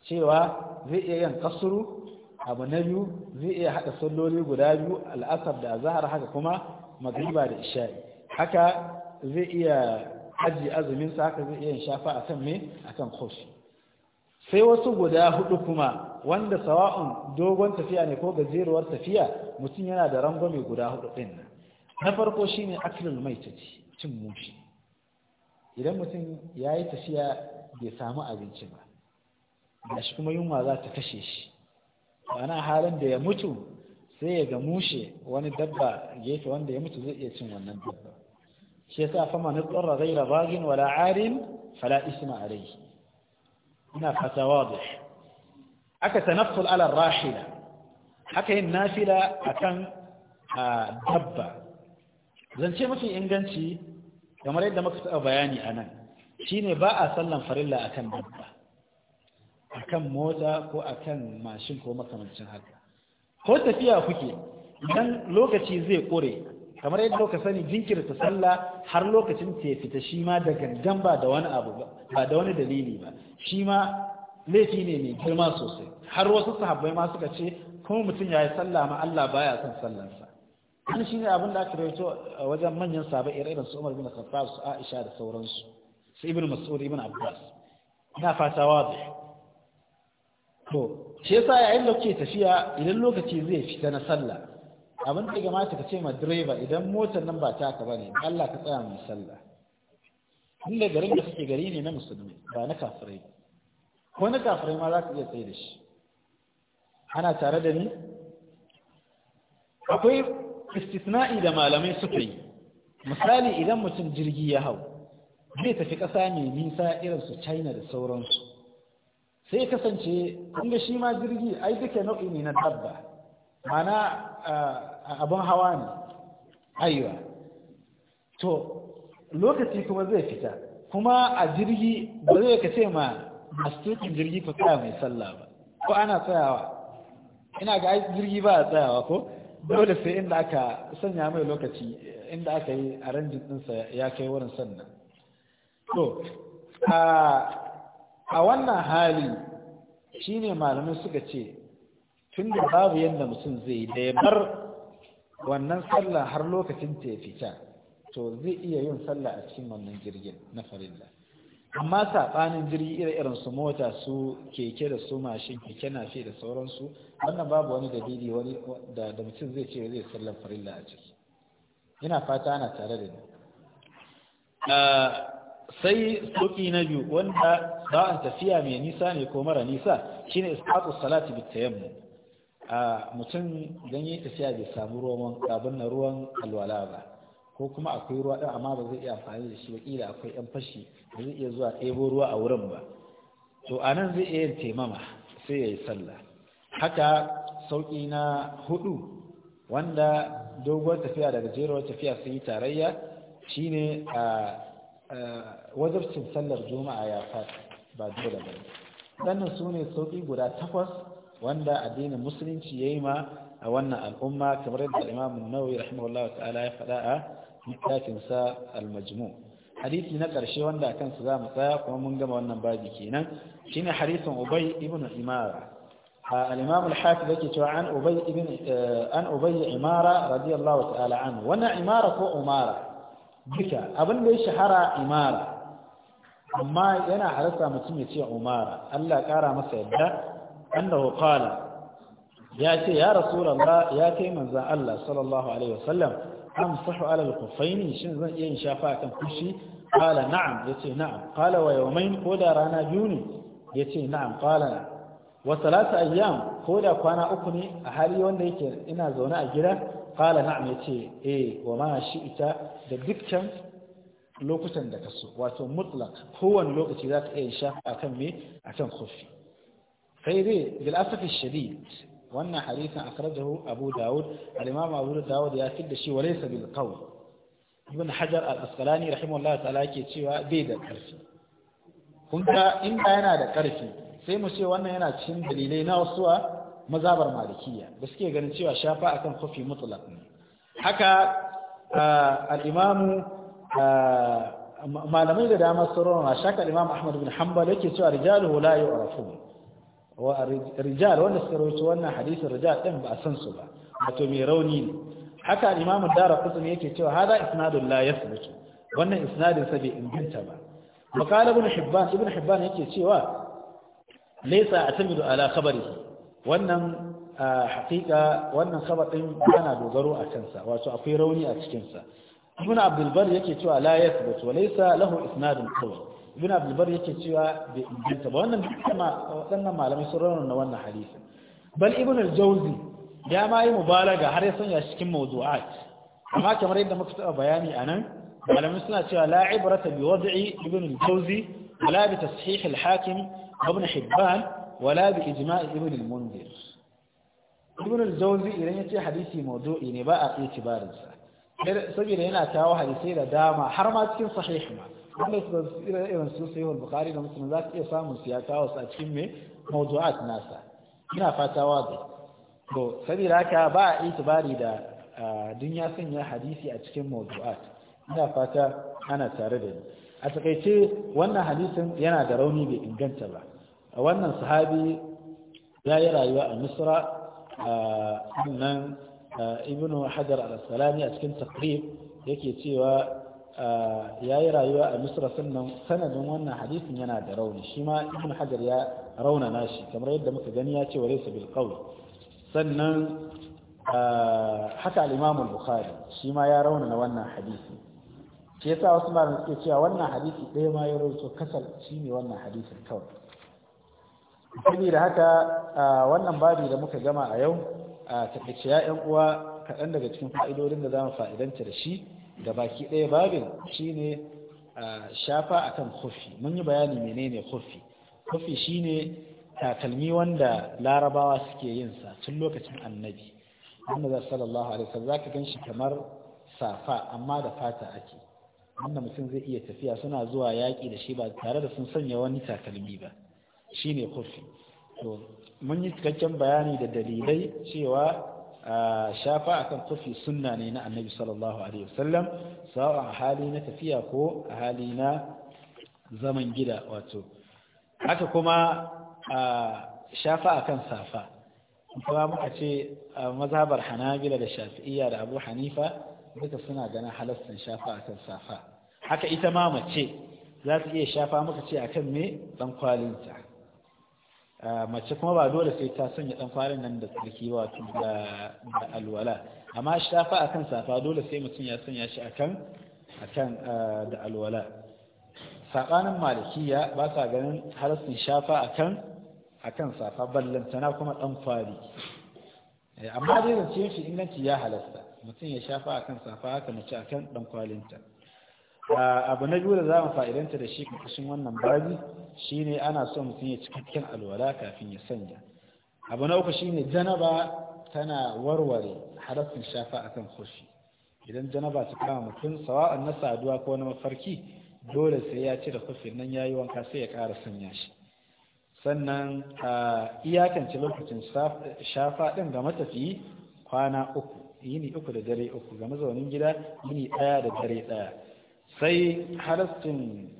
cewa zai iya yin kasuru abu na biyu zai iya haɗa salloli guda biyu al'asar da zahar haka kuma magriba da isha'i haka zai iya aji azuminsa haka zai iya shafa a kan me a kan kosu sai wasu guda hudu kuma wanda sawa'un dogon tafiya ne ko gajeruwar tafiya mutum yana da rangwame guda hudu ɗin nan na farko shine akilin mai cin mushi idan mutum ya yi tafiya bai samu abinci ba da kuma yunwa za ta kashe shi ana halin da ya mutu sai ya ga mushe wani dabba gefe wanda ya mutu zai iya cin wannan dabba shi yasa fa man tsarra ghaira bagin wala arin fala isma alayhi ina fata wadih aka tanafful ala rahila haka yin nafila akan dabba zance mafi inganci kamar yadda muka taɓa bayani a nan shine ba a sallan farilla akan dabba akan mota ko akan mashin ko makamancin haka ko tafiya kuke idan lokaci zai kore kamar yadda ka sani jinkirta sallah har lokacin ta fita shi ma da gangan ba da wani abu ba da wani dalili ba shi ma laifi ne mai girma sosai har wasu sahabbai ma suka ce kuma mutum ya yi sallah ma Allah baya son sallansa an shi ne abin da aka rawaito a wajen manyan sahabbai irin su Umar bin Khattab su Aisha da sauransu su Ibn Mas'ud Ibn Abbas ina fata wazi to shi yasa yayin da kuke tafiya idan lokaci zai fita na sallah abin da ga mata ka ce ma direba idan motar nan ba taka bane Allah ka tsaya mu sallah inda garin da kake gari ne na musulmi ba na kafirai ko na kafirai ma za ka iya tsaye da shi ana tare da ni akwai istisna'i da malamai suka yi misali idan mutum jirgi ya hau zai tafi ƙasa mai nisa irin su china da sauransu sai kasance kun shi ma jirgi ai duka nau'i ne na dabba mana abin hawa ne aiwa to lokaci kuma zai fita kuma a jirgi ba zai ka ce ma mastukin jirgi ko tsaya mai sallah ba ko ana tsayawa ina ga jirgi ba a tsayawa ko dole sai inda aka sanya mai lokaci inda aka yi a ranjin ɗinsa ya kai wurin sannan to a wannan hali shine malamai suka ce tun da babu yadda mutum zai da ya wannan sallah har lokacin ta ya fita to zai iya yin sallah a cikin wannan jirgin na farilla amma saɓanin jirgi irin su mota su keke da su mashin keke na fi da sauransu wannan babu wani dalili wani da mutum zai ce zai sallar farilla a ciki ina fata ana tare da ni ah, sai soki na biyu wanda sa'an tafiya mai nisa ne ko mara nisa shine isqatu salati bit tayammum a mutum ganye yi tafiya bai samu ruwan abin na ruwan alwala ba ko kuma akwai ruwa din amma ba zai iya amfani da shi wakila akwai yan fashi ba zai iya zuwa ɗebo ruwa a wurin ba to anan zai iya yin taimama sai ya yi sallah haka sauƙi na hudu wanda doguwar tafiya da gajeruwar tafiya sun yi tarayya shine a wajabcin sallar juma'a ya fata ba dole ba wannan su ne sauƙi guda takwas wanda addinin musulunci ya yi ma a wannan al'umma kamar yadda imam nawawi rahimahullah ta'ala ya faɗa a littafinsa al-majmu hadisi na ƙarshe wanda a kansu za tsaya kuma mun gama wannan babi kenan shine hadisin ubay ibn imara الإمام الحافظ يكتب عن أبي ابن عن أبي عمارة رضي الله تعالى imara وأنا عمارة وأمارة بك أبن لي شهرة عمارة amma yana harasa mutum ya ce umara Allah kara masa yadda annahu qala ya ce ya rasulullah ya kai manzon Allah sallallahu alaihi wasallam amsahu ala al-khuffaini shin zan iya yin shafa kan kushi qala na'am yace na'am qala wa yawmayn ko da rana juni ne yace na'am qala wa salatu ayyam ko kwana uku ne a hali wanda yake ina zaune a gida qala na'am yace eh wa ma shi'ita da dukkan lokutan da ka so wato mutlak kowane lokaci za ka iya shafa akan me akan kofi sai dai shadid wannan hadisin akhrajahu abu daud al abu daud ya da shi wa laysa bil qawl ibn hajar al-asqalani rahimahullah ta'ala ke cewa bai da karfi kun ga yana da karfi sai mu ce wannan yana cikin dalilai na wasu mazabar malikiya da suke ganin cewa shafa akan kofi mutlak ne haka ah, al malamai da dama sauran a shakar imam ahmad bin hanbal yake cewa rijaluhu la yu'rafu wa rijal wanda suka rawaito wannan hadisin rijal din ba a san su ba wato mai rauni ne haka imam ad-darqutni yake cewa hada isnadun la yathbut wannan isnadin sa bai inganta ba maqala ibn hibban ibn hibban yake cewa laysa atamidu ala khabarihi wannan haqiqa wannan khabar din dogaro a kansa wato akwai rauni a cikin sa ibn abdulbar yake cewa la yathbut wa laysa lahu isnadun qawi ibn abdulbar yake cewa bai inganta ba wannan kuma wadannan malamai sun rawaito wannan hadisi bal ibn al-jawzi ya ma yi mubalaga har ya sanya shi cikin mawdu'at amma kamar yadda muka taba bayani anan malamai suna cewa la ibrata bi wad'i ibn al-jawzi wala bi tashih al-hakim ibn hibban wala bi ijma' ibn al-munzir ibn al-jawzi idan yace hadisi mawdu'i ne ba a itibarinsa saboda yana kawo hadisai da dama har ma cikin sahih ma wanda su da irin su sai wal bukhari da muslim za ka iya samun su ya kawo su a cikin me mawdu'at nasa ina fata da to saboda haka ba a itibari da dunya sanya hadisi a cikin mawdu'at ina fata ana tare da ni a takaice wannan hadisin yana da rauni bai inganta ba wannan sahabi ya yi rayuwa a misra nan ibnu hajar al salami a cikin taqrib yake cewa yayi rayuwa a misra sannan sanadin wannan hadisin yana da rauni shi ma ibnu hajar ya rauna nashi kamar yadda muka gani ya ce wa laysa bil qawl sannan haka al-imam al-bukhari shi ma ya rauna na wannan hadisi shi yasa wasu malaman suke cewa wannan hadisi ɗaya ma ya rauto kasal shine wannan hadisin kawai saboda haka wannan babi da muka gama a yau a takaice ya uwa kaɗan daga cikin fa'idodin da za mu fa'idanta da shi da baki ɗaya babin shine shafa akan kofi mun yi bayani menene kofi kofi shine takalmi wanda larabawa suke yin sa tun lokacin annabi annabi sallallahu alaihi wasallam zaka ganshi kamar safa amma da fata ake wanda mutum zai iya tafiya suna zuwa yaƙi da shi ba tare da sun sanya wani takalmi ba shine kofi to mun yi cikakken bayani da dalilai cewa shafa akan tufi sunna ne na annabi sallallahu alaihi wasallam sawa a hali na tafiya ko a hali na zaman gida wato haka kuma shafa akan safa kuma muka ce mazhabar hanabila da shafi'iyya da abu hanifa duka suna ganin halastan shafa akan safa haka ita ma mace za ta iya shafa muka ce akan me dan kwalinta Eh, mace kuma ba dole sai ta sanya dan farin nan da tsarki wato da alwala amma shafa akan safa dole sai mutum ya sanya shi akan akan eh, da alwala sabanin malikiya ba sa ganin halasin shafa akan akan safa ballantana kuma dan fari eh, amma dai zance shi inganci ya halasta mutum ya shafa akan safa haka mace akan dan kwalinta abu na biyu da za mu fa'idanta da shi kashin wannan babi shine ana so mutum ya cikakken alwala kafin ya sanya abu na uku shine janaba tana warware harafin shafa akan koshi idan janaba ta kama mutum sawa'an na saduwa ko na mafarki dole sai ya cire kufin nan yi wanka sai ya ƙara sanya shi sannan a iyakance lokacin shafa ɗin ga matafiyi kwana uku yini uku da dare uku ga mazaunin gida yini ɗaya da dare ɗaya sai halastin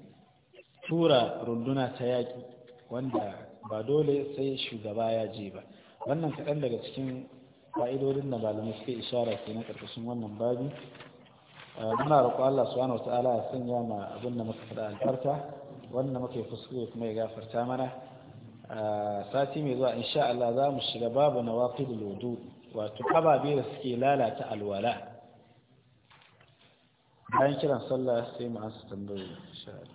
tura runduna ta yaƙi wanda ba dole sai shugaba ya je ba wannan kaɗan daga cikin fa'idodin da malamai suke ishara ke na ƙarƙashin wannan babi muna roƙo Allah subhanahu wa ta'ala ya sanya ma abin da muka faɗa alfarta wannan yi fuskure kuma ya gafarta mana sati mai zuwa insha Allah za mu shiga babu na da lodu, wato ababe da suke lalata alwala bayan kiran sallah sai mu ansa tambayoyi insha